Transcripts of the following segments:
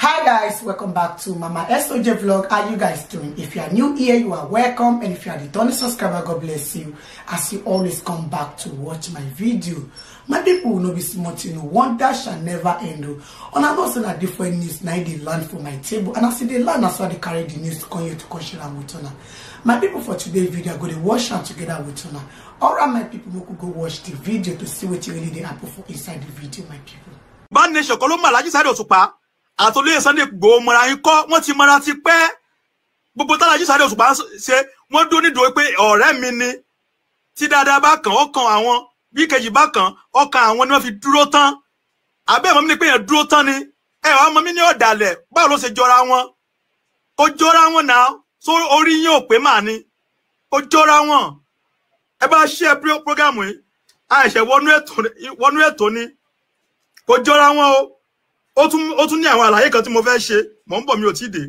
hi guys welcome back to mama soj vlog how you guys doing if you are new here you are welcome and if you are the returning subscriber god bless you as you always come back to watch my video my people will not be smarting. you know one that shall never end oh. and i know say different news Now they land for my table and as e dey land na so i carry the news to here to come share with una my people for today's video go to wash am together with una all right my people make could go watch the video to see what you really dey happen for inside the video my people. bad nation kan ló mọ Alhaji Sáré Òṣùpá àtòlóyè Sunday Igboho mọra yín kọ́ wọ́n ti mọra ti pẹ́ gbogbo tálájí Sunday Òṣùpá ṣe wọ́n dún nídòó pé ọ̀rẹ́ mi ni tí dáadáa bá kàn ọkàn àwọn bí kejì bá kàn ọkàn àwọn ni wọ́n fi dúró tán abẹ́ ìmọ̀ ni pé yẹn dúró tán ni ẹ wàá mọ mi ní ọ̀dàlẹ̀ báwo ló ṣe jọra wọn ó jọra wọn náà só orí yín ò pé màá ni ó jọra wọn ẹ bá ṣe ẹ pírógámù yìí àìṣẹ wọnú ètò ni kó jọra wọn o ó tún ní àwọn àlàyé kan tí mo fẹ́ ṣe mò ń bọ̀ mi ò tí ì dé.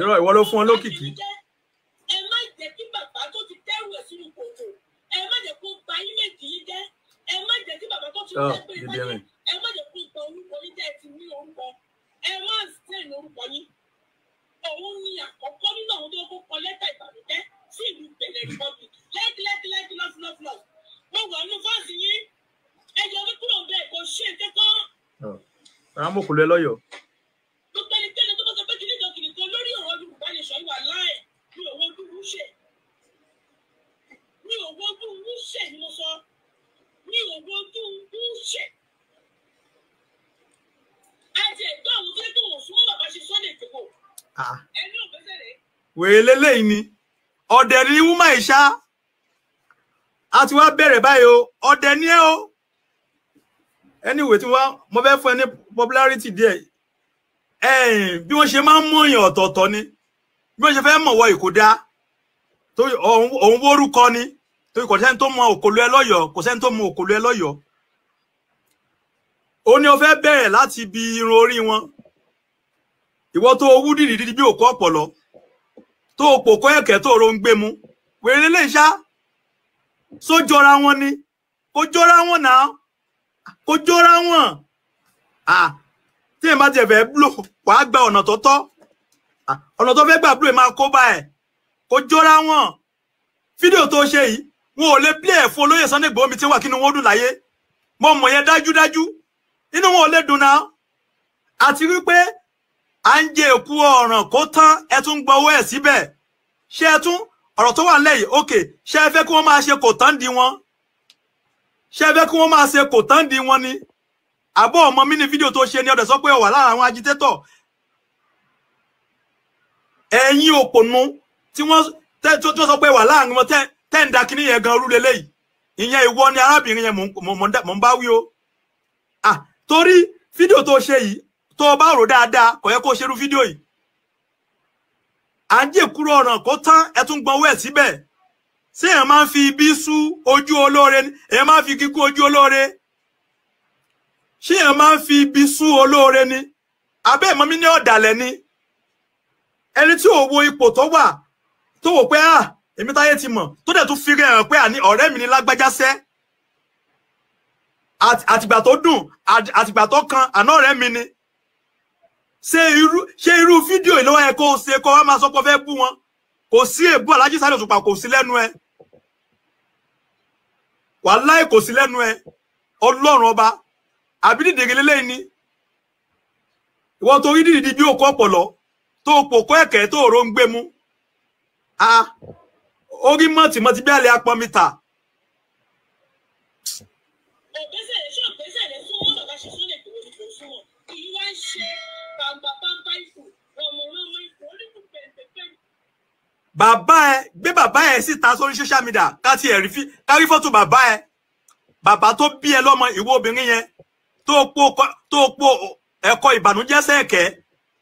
irọ́ ìwọ ló fún ọ lókìkí. ẹ má jẹ́ kí bàbá tó ti dẹ́rù sínú kòtò ẹ má jẹ́ kó ba ímẹ̀jì yìí jẹ́ ẹ má jẹ́ kí bàbá tó ti dẹ́rù sínú kòtò ẹ má jẹ́ kó ba orúkọ yín jẹ́ ti ní orúkọ ẹ má sẹ́yìn orúkọ yín òun ni àkọ́kọ́ nínú àwọn tó kọ́ lẹ́tà ìbànújẹ́ sí ìlú Benin Republic lẹ́kìlẹ́kìlẹ́kì lọ́fúlọ́fúlọ́ mo wà nínú fáàsì yín ẹ jẹ́ wípé kúrò bẹ́ẹ̀ kò ṣe é kékọ́. àwọn amókùnrin lọ́yọ̀ọ́. ọ̀rọ̀ tó ń bú ṣe. àti ẹ̀gbọ́n àwọn tó tó wọ̀n súnmọ́ bàbá ṣe sọ́dẹ̀ tó wò. ẹni ò bẹ́sẹ̀ rẹ̀. wèé lélẹ́yìn ni ọ̀dẹ̀ ni wúmà ìṣá a ti wá bẹ̀rẹ̀ báyìí o ọ̀dẹ̀ ni ẹ o anyway tí wọ́n mo fẹ́ fún ẹ ní popularity díẹ̀ bí wọ́n ṣe máa ń mọ̀yàn ọ̀tọ̀ọ̀tọ̀ ni bí wọ́n ṣe fẹ́ mọ̀wọ́ ìkó dá òun orúkọ ni torí kò sẹ́ni tó mọ òkòló ẹ lọ́yọ̀ọ́ kò sẹ́ni tó mọ òkòló ẹ lọ́yọ̀ọ́ ó ní o fẹ́ bẹ̀rẹ̀ láti ibi irun orí wọn ìwọ tó owú dìdì dídí bí òkú ọ̀pọ̀lọ́ tó o pò kọ́ ẹ̀kẹ́ tó o ro ń gbé mu wèrè lè ṣá só jọra wọn ni kó jọra wọn náà kó jọra wọn tí èèyàn tiẹ̀ fẹ́ blò wàá gba ọ̀nà tó tọ́ ọ̀nà tó fẹ́ gbà blò ẹ̀ máa kó bá kó jọra wọn fídíò tó ṣe yìí wọn ò lè play ẹ̀fọ́ olóyè Sunday Igboho mi ti wà kí ni wọ́n dùn láyé mo mọ̀ yẹn dájúdájú inú wọn ò lè dùn náà àti wípé à ń jẹ èkú ọ̀ràn kó tán ẹ tún gbọ́ owó ẹ̀ síbẹ̀ ṣé ẹ tún ọ̀rọ̀ tó wà nílẹ̀ yìí ṣé ẹ fẹ́ kí wọ́n máa ṣe kò tán di wọn ṣé ẹ fẹ́ kí wọ́n máa ṣe kò tán di wọn ni àbọ̀ ọmọ mi ní fídíò tó ṣe ni ọ̀dẹ̀ sọ pé ó wà lára àwọn agitétọ̀ ẹ̀yin òpònú tí wọ́n sọ pé wà láàrin wọn tẹ́ tẹ́ǹda kínní yẹn gan ìyẹn ìwọ ni arábìnrin yen mo ń bá o torí fídíò tó ṣe yìí tọ ọ bá rò dáadáa kò ye ṣerú fídíò yìí à ń jẹ kúrò ọ̀ràn kó tán ẹ tún ṣé fi ibi sú ojú olóore fi kíkú ojú olóore ṣé ma fi ibi sú olóore ni ni ẹni tí ò wo ipò tó wà tó wò ah èmi táyé ti mọ̀ tó dẹ̀ tún fi rẹ̀ hàn pé àní ọ̀rẹ́ mi ni lágbájá sẹ́ àtìgbà tó dùn àtìgbà tó kan àná ọ̀rẹ́ mi ni ṣé irú ṣé irú fídíò ìlọ́wọ́ ẹ kó o ṣe kó o wá máa sọ pé o fẹ́ bú wọn kò sí èbú Alhaji Sáré Òṣùpá kò sí lẹ́nu ẹ wàláì kò sí lẹ́nu ẹ ọlọ́run ọba àbí dìdìrì lélẹ́yìn ni ìwọ tó rí dìdì bí òkú ọ̀pọ̀lọ́ tó pòkó ẹ̀kẹ́ tó rò ń gbé mu. Ah orí mọ̀tìmọ̀tì bí àlẹ́ apọ̀ mítà. ìgbésẹ̀ ṣé ìgbésẹ̀ lè fún wọn bàbá ṣe sọ́lẹ̀ tó lè fún wọn kí wá ń ṣe bàbá bàbá ìfò rọmọrọmọ ìfò oníkù pẹ̀lẹ́pẹ̀lẹ́. bàbá ẹ gbé bàbá ẹ síta sórí social media káti ẹ rí kárí fọ́tò bàbá ẹ bàbá tó bí ẹ lọ́mọ ìwọ obìnrin yẹn tó po ẹ̀kọ́ ìbànújẹ́ sẹ́ẹ̀kẹ́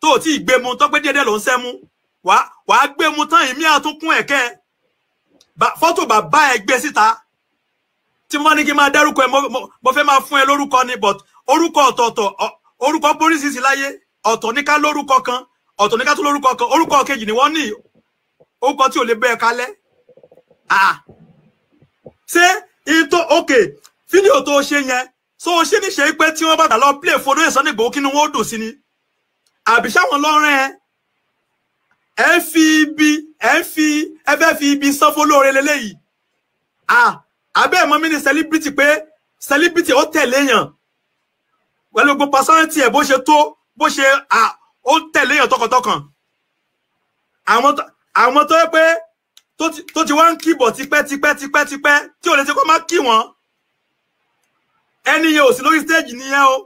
tó ti gbé mu tọ́pẹ́ déédéé ló ń sẹ́mu wàá gbé mu tán ìmí àtúnkún ẹ̀kẹ́ fọ́tò bàbá ẹ gbé síta tí wọ́n ní kí n máa dárúkọ ẹ mo fẹ́ máa fún ẹ lórúkọ ni but orúkọ ọ̀tọ̀ọ̀tọ̀ orúkọ boríṣiríṣi láyé ọ̀tọ̀ ní ká lórúkọ kan ọ̀tọ̀ ní ká tó lórúkọ kan orúkọ kejì ni wọ́n ní orúkọ tí ò lè bẹ́ ẹ kalẹ̀ ah. ṣé ìtò òkè fídíò tó ṣe yẹn so ṣé níṣe pé tí wọ́n bá tà lọ play fọdún ẹ̀sán nìgbò kí ni wọ́n dùn sí ni àbí sáwọn lọ́rẹ́ ẹ ẹ fi ibi ẹ fi ẹ fẹ́ fi ibi sanfó lóore lélẹ́yìí àbẹ́ ẹ̀mọ́ mi ni celebrity pé celebrity ó tẹ̀lé yàn pẹ̀lú gbogbo personality ẹ̀ bó ṣe tó bó ṣe ó tẹ̀lé yàn tọkàntọkàn àwọn tó yẹ pé tó ti wá ń kíbọ̀ tipẹ́ tipẹ́ tipẹ́ tipẹ́ tí ò lè ṣe kó má kí wọ́n ẹni yẹn ò sí lórí stage nìyẹn o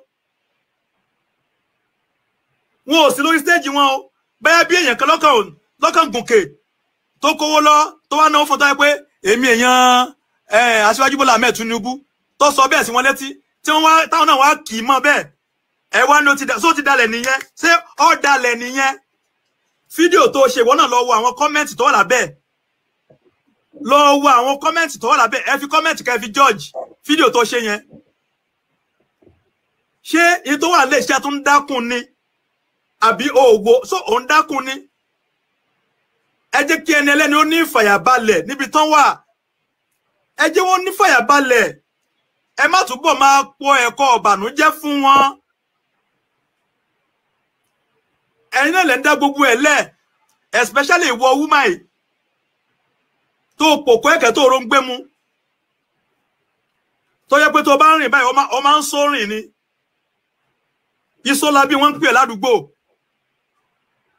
wọn ò sí lórí stage wọn o bẹ́ẹ̀ bí èèyàn kan lọ́kàn gòkè tó kówó lọ tó wá náwó fún tó yẹ pé èmi èèyàn aṣíwájú bọ́lá ahmed tinubu tó sọ bẹ́ẹ̀ sí wọn létí tí wọ́n wá táwọn náà wá kì í mọ́ bẹ́ẹ̀ ẹ wá ní ó ti dalẹ̀ nìyẹn ṣé ó dalẹ̀ nìyẹn fídíò tó ṣe ìwọ náà lọ wo àwọn kọ́mẹ́ǹtì tó wà lábẹ́ lọ wo àwọn kọ́mẹ́ǹtì tó wà lábẹ́ ẹ fi kọ́mẹ́ǹtì ká ẹ fi judge fídíò tó ṣe yẹn ṣé èyí tó wà lè ṣe àtúndákùn ni àbí òògbò so òun dákùn ni ẹ jẹ́ kí ẹni ẹlẹ́ni ó ní ìfàyàbalẹ̀ níbi tán wà ẹ jẹ́ wọ́n ní ìfàyàbalẹ̀ ẹ má túbọ̀ máa po ẹ̀kọ́ ọ̀bànújẹ́ fún wọn ẹ̀yin náà lè ń dá gbogbo ẹ̀ lẹ̀ especially ìwọ wúmáì tó pòkó ẹ̀kẹ́ tó rongbé mu tó yẹ pé tó bá ń rìn báyìí ọ máa ń sórìn ni iṣó labí wọn ń pè ládùúgbò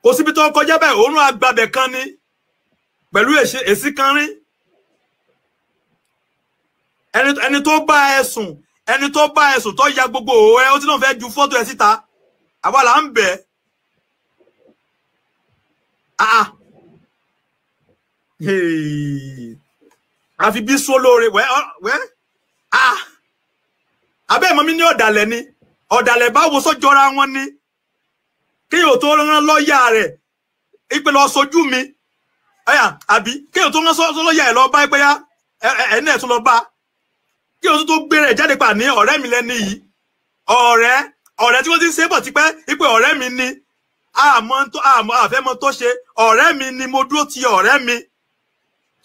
kò síbi tó kọjá báyìí òórùn agbábẹ kan ni. pẹ̀lú èsì kanrin ẹni tó bá ẹ sùn ẹni tó bá ẹ sùn tó ya gbogbo òwò ẹ ó ti náà fẹ́ ju fọ́tò ẹ síta àwa là ń bẹ̀ ẹ́ àfi bí sọ lóore wẹ́ wẹ́ abẹ́ ìmọ̀ mi ní ọ̀dàlẹ̀ ni ọ̀dàlẹ̀ báwo sọ́jọ́ra wọn ni kí yóò tó rán lọ́ọ̀yà rẹ̀ ìpè lọ sojú mi ẹyà àbí kéèyàn tó rán sọlọyà ẹ lọ bá pé yá ẹni ẹ tún lọ bá kéèyàn tó tó gbére ẹ jáde pa ní ọ̀rẹ́ mi lẹni yìí ọ̀rẹ́ ọ̀rẹ́ tí wọ́n ti ń ṣe bọ̀ tipẹ́ ipò ọ̀rẹ́ mi ni àmọ́ tó àmọ́ àfẹ́mọ́ tó ṣe ọ̀rẹ́ mi ni mo dúró ti ọ̀rẹ́ mi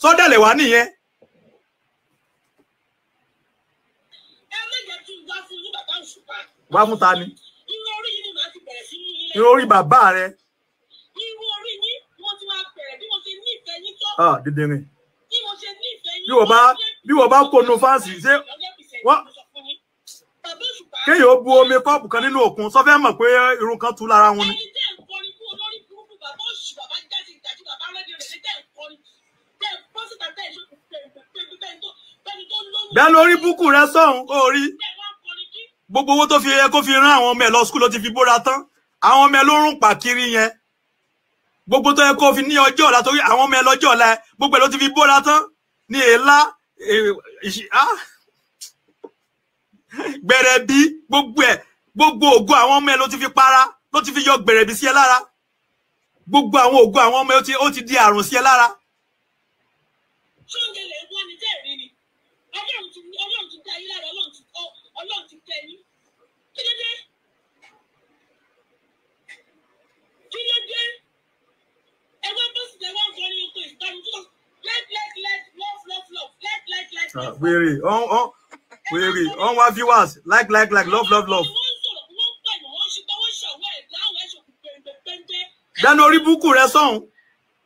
sọdẹlẹ wá nìyẹn. wá fún ta ni. irun bàbá rẹ. dídìrín bí wọ́n bá bí wọ́n bá kó nu fáǹsì ṣé wọ́n kéèyàn ó bu omi kọ́ọ̀pù kan nínú òkun sọ fẹ́ mọ̀ pé irun kan tú lára wọn ni. bẹ́ẹ̀ lórí búkù rẹ sọ̀hún kó o rí gbogbo owó tó fi yẹ kó fi rán àwọn ọmọ ẹ̀ lọ skul ló ti fi bóra tán àwọn ọmọ ẹ̀ ló rún pàkiri yẹn gbogbo tó yẹ kó fi ní ọjọ́ ọ̀la torí àwọn ọmọ ẹ lọ́jọ́ ọ̀la ẹ gbogbo ẹ ló ti fi bóra tán ní èélá e, gbẹ̀rẹ̀bí gbogbo ẹ gbogbo ògo àwọn ọmọ ẹ ló ti fi para ló ti fi yọ gbẹ̀rẹ̀bí sí ẹ lára gbogbo àwọn ògo àwọn ọmọ ẹ ó ti di àrùn sí ẹ lára. ṣóńjẹ Weary, oh oh, weary, oh my viewers like like like love love love. dáná orí búkú rẹ sọ̀hún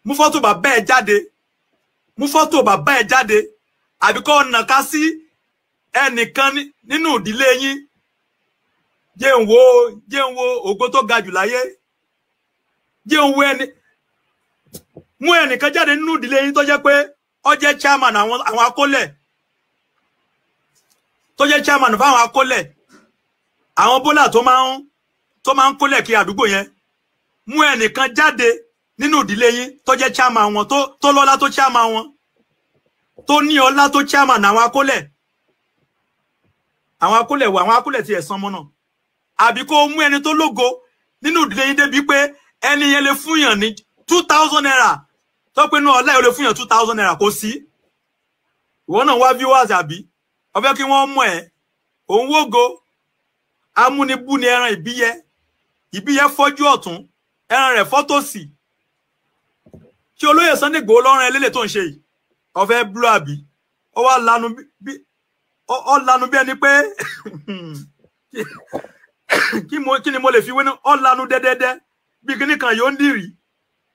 mú fọ́tò bàbá ẹ̀ jáde mú fọ́tò bàbá ẹ̀ jáde àbíkọ́ nàka sí ẹnìkan nínú ìdílé yín jẹ́ ń wo jẹ́ ń wo ògo tó ga jù láyé jẹ́ ń wo ẹni mú ẹnìkan jáde nínú ìdílé yín tó jẹ́ pé ó jẹ́ chairman àwọn akólẹ tó jẹ́ chairman fáwọn akólẹ̀ àwọn bólà tó máa ń tó máa ń kólẹ̀ kí àdúgbò yẹn mú ẹnìkan jáde nínú ìdílé yín tó jẹ́ chairman wọn tó lọ́lá tó chairman wọn tó ní ọlá tó chairman àwọn akólẹ àwọn akólẹ̀ wọ àwọn akólẹ ti ẹ̀sán mọ́nà àbí kó mú ẹni tó lógo nínú ìdílé yín débi pé ẹni yẹn lè fún yàn ní two thousand naira tó pé náà ọlá ìrọ̀lẹ́ fún yàn two thousand naira kò sí ìwọ náà wá viewers àbí ọbẹ̀ kí wọ́n mọ̀ ẹ́ òun wógo amúnibú ni ẹran ìbíyẹ ìbíyẹ fọ́jú ọ̀tún ẹran rẹ̀ fọ́tòsì kí olóyè Sunday Igboho lọ́rùn ẹlẹ́lẹ̀ tó ń ṣe yìí ọ̀fẹ́ búlọ àbí ó wá lanu bí ó lanu bí ẹni pé kí ni mo lè fi wé ní ó lanu dẹ́dẹ́dẹ́ bí kíní kan yóò ń dìrì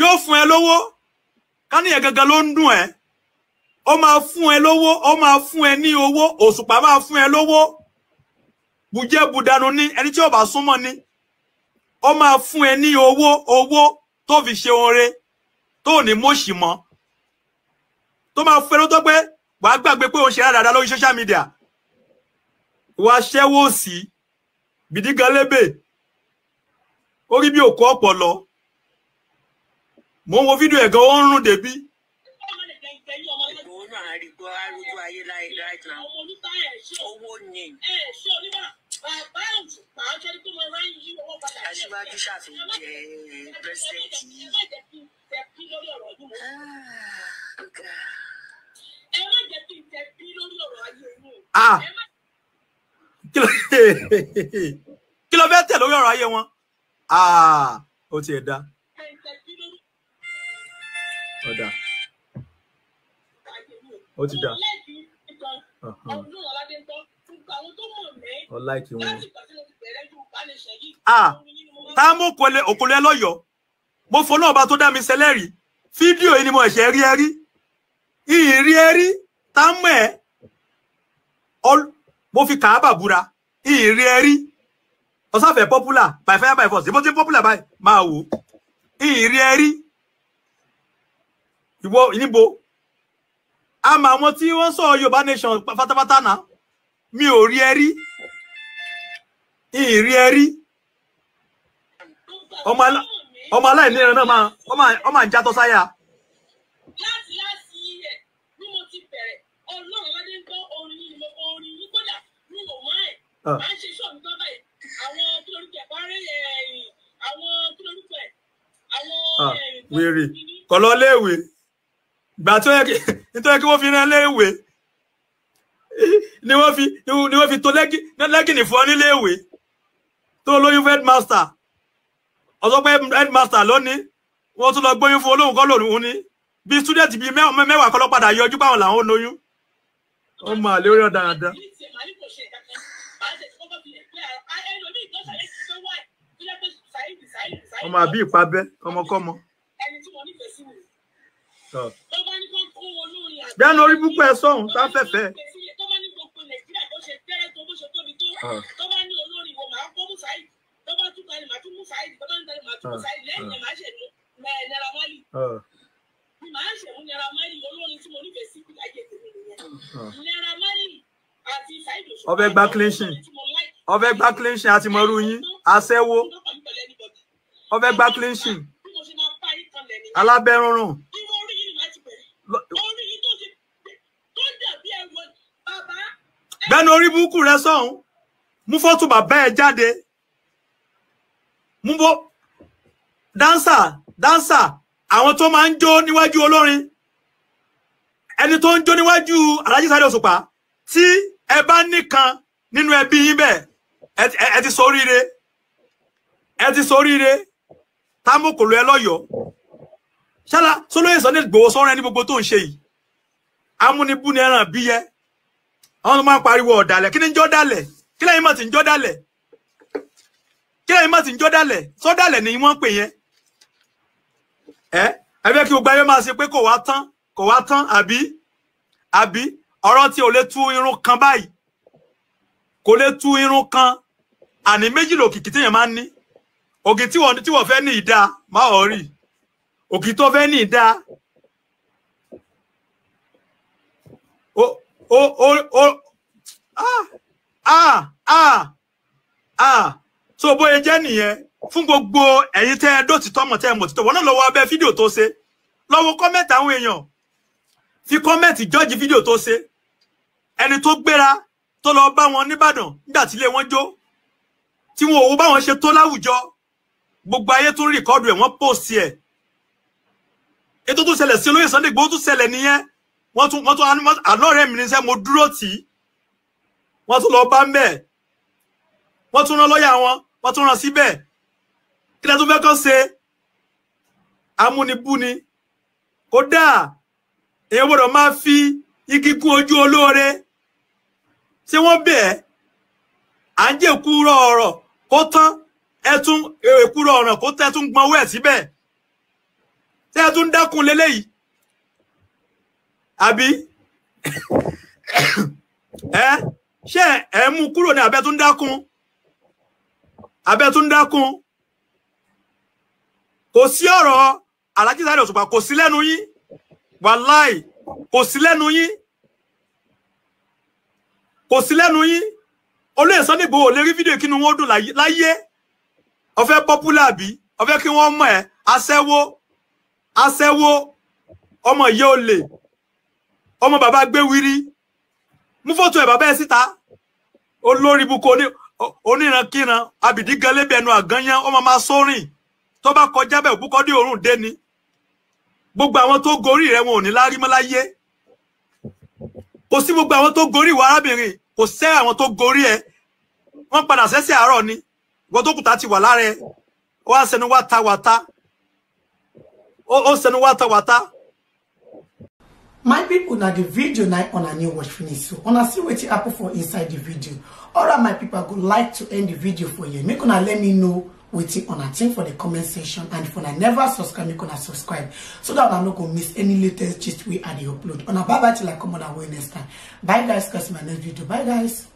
yóò fún ẹ lówó káníyàn gangan ló ń dùn ẹ ó máa fún ẹ lówó ó máa fún ẹ ní owó òṣùpá máa fún ẹ lówó bùjẹ bùdanu ní ẹni tí ó bá súnmọ́ ni ó máa fún ẹ ní owó owó tó fi ṣe oore tó ní mọṣì mọ tó máa fún ẹ ló tó pé wàá gbàgbé pé òun ṣe dáadáa lórí social media wàá ṣẹ́wó sí bìdígalébè orí bí òkú ọ̀pọ̀ lọ mo ń wo fídíò ẹ̀ gan ó ń rún débi. òun náà àrígbọ́ arúgbó ayé láì aṣíwájú ṣàfihàn jẹ pírẹsidẹǹtì yìí. Ah kí ló fẹ́ tẹ̀ lórí ọ̀rọ̀ ayé wọn? Ah! ó ti ẹ̀ dá ọ̀dà ó ti dà ọ̀la ìkí wọn. Ah! tá mú òkòlẹ́ lọ́yọ̀ọ́ mo fọlọ́ ọba tó dá mi sẹlẹ́rì fídíò yìí ni mo ẹ̀ṣẹ̀ rí ẹrí ìrí ẹrí tá mú ẹ mo fi kàábà búra ìrí ẹrí ọsàfẹ́ popular by fire by force ìbọn tí popular by máa wò ìrí ẹrí ìwọ níbo a mọ àwọn tí wọ́n sọ yorùbá nation pátápátá náà mi ò rí ẹ ìrí ẹ ọmọ aláìní náà máa ọmọ àjà tó sáyà. láti láti yẹ ni mo ti bẹ̀rẹ̀ ọlọ́run wá dé ń gbọ́ orin ni mo kọ orin ní kódà ní òun ẹ̀ ah. máa ń ṣe ṣọ́ọ̀bù tó báyìí àwọn kí lórúkọ ẹ̀ parí ẹ̀yìn eh, àwọn kí lórúkọ ẹ̀ àwọn. Ah, eh, wèrè kọlọ́léèwé gbà tó yẹ kí wọ́n fi rán léèwé ni wọ́n fi ni wọ́n fi tó lẹ́gìnì fún ọ nílé ìwé tó lóyún fún headmaster ọ̀sọ́ pé headmaster lónìí wọ́n tún lọ gbóyún fún olóhùn kọ́ lòun ní bí student bíi mẹ́wàá kọ́ ló padà yọjú báwọn làwọn ò lóyún ó mà lórí ọ̀dà àdá. ọmọ àbí ìpabẹ ọmọkọ́mọ. ẹni Bien dáná orí púpọ̀ ẹ sọ̀hún sáfẹ́fẹ́. Ah. Ah. Ah. ọbẹ̀ gba cleanshin ọbẹ̀ gba cleanshin àti mọ̀rú yín aṣẹ́wó ọbẹ̀ gba cleanshin alábẹ́rúnrún. gbẹ́nu orí burúkú rẹ sọ̀hún mú fọ́tò bàbá ẹ jáde mú bó dáńsà dáńsà àwọn tó máa ń jó níwájú olórin ẹni tó ń jó níwájú Alhaji Sáré Òṣùpá tí ẹ bá nìkan nínú ẹbí yín bẹ́ẹ̀ ẹ ti ṣoríire ẹ ti ṣoríire támùkùlù ẹ lọ́yọ̀ọ́ ṣálá sólóyè Sunday Igboho sọ́run ẹni gbogbo tó ń ṣe yìí amúnibú ẹran bíyẹ àwọn tó máa ń pariwo ọ̀dàlẹ̀ kí ni ń jọ́ dàlẹ̀ kí lẹ́yìn mọ̀ tí ń jọ́ kí lẹ́yìn mọ̀ tí ń jọ́ dàlẹ̀ ni wọ́n ń pè yẹn ẹ ẹ fẹ́ kí gbogbo ayé máa ṣe pé kò wá tán kò wá tán àbí àbí ọ̀rọ̀ tí ò lè tú irun kan báyìí kò lè tú irun kan àní méjì lòkìkì téèyàn máa ń ní òkì tí wọ́n tí ní ìdá máa ọ̀ rí òkì tó fẹ́ ní ìdá ó ó ó ah ah ah ah so bóyá jẹ́ nìyẹn e. gbogbo ẹ̀yin tẹ́ ẹ dótítọ́ mọ̀ mo ẹ mọ̀ títọ́ wọn náà lọ́wọ́ abẹ́ fídíò Lo ṣe lọ́wọ́ kọ́mẹ́ǹtì àwọn èèyàn fi kọ́mẹ́ǹtì jọ́ọ̀jì fídíò tó ṣe ẹni tó gbéra tó lọ bá wọn nìbàdàn nígbà tí ilé wọn jó tí wọn òwò báwọn ṣe tó láwùjọ gbogbo ayé tún rìkọ́dù ẹ̀ wọ́n pòsì ẹ̀ ètò tó ṣẹlẹ̀ sí olóyè Sunday Igboho tó ṣẹlẹ̀ nìyẹn wọn tún wọ́n tún àlọ́rẹ̀ mi ní sẹ́ mo dúró tì í tún lọ bá ń bẹ̀ wọ́n tún rán lọ́ọ̀yà wọn wọn tún rán síbẹ̀ kí lẹ́tún fẹ́ kàn ṣe amúnibúni kódà èèyàn gbọ́dọ̀ máa fi igi kún ojú olóore tí wọ́n bẹ̀ ẹ́ à ń jẹ́ ìkúrọ ọ̀rọ̀ kó tán ẹ tún èkúrọ̀ ọ̀rọ̀ kó tán ẹ tún gbọ́n owó ẹ tún dákun àbí ẹ ṣé ẹ mú kúrò ní abẹ́ tó ń dákun abẹ́ tó ń dákun kò sí ọ̀rọ̀ Alhaji Saheed Òṣùpá kò sí lẹ́nu yín wàláì kò sí lẹ́nu yín kò sí lẹ́nu yín olóyè Sunday Igboho lè rí fídíò kí ni wọ́n dùn láyé ọ̀fẹ́ popular bí ọ̀fẹ́ kí wọ́n mọ̀ ẹ́ aṣẹ́wó aṣẹ́wó ọmọ ìyá olè ọmọ bàbá gbé wiri mú fọ́tò ẹ̀ bàbá ẹ̀ síta olórí buko onírankiran abìdí gan lébi ẹnu àgányán ọmọ máa sórìn tó bá kọjá bẹ́ẹ̀ òbúkọ́ dé òórùn dé ni gbogbo àwọn tó gorí rẹ wọn ò ní lárí mọ́ láyé kò sí gbogbo àwọn tó gorí ìwà arábìnrin kò sẹ́ àwọn tó gorí ẹ wọ́n padà sẹ́sẹ̀ àárọ̀ ni ìwọ́n tó kùtà ti wà lára ẹ wọ́n á sẹnu wá ta wàta ó sẹnu wá ta wàta my people, na the video na on new watch finish so una see wetin happen for inside the video alright my people i go like to end the video for you make una let me know wetin una think for the comment section and if una never subscribe make una subscribe so that una no go miss any latest gist wey i dey upload una bye bye till i come on our way next time bye guys cause my next video bye guys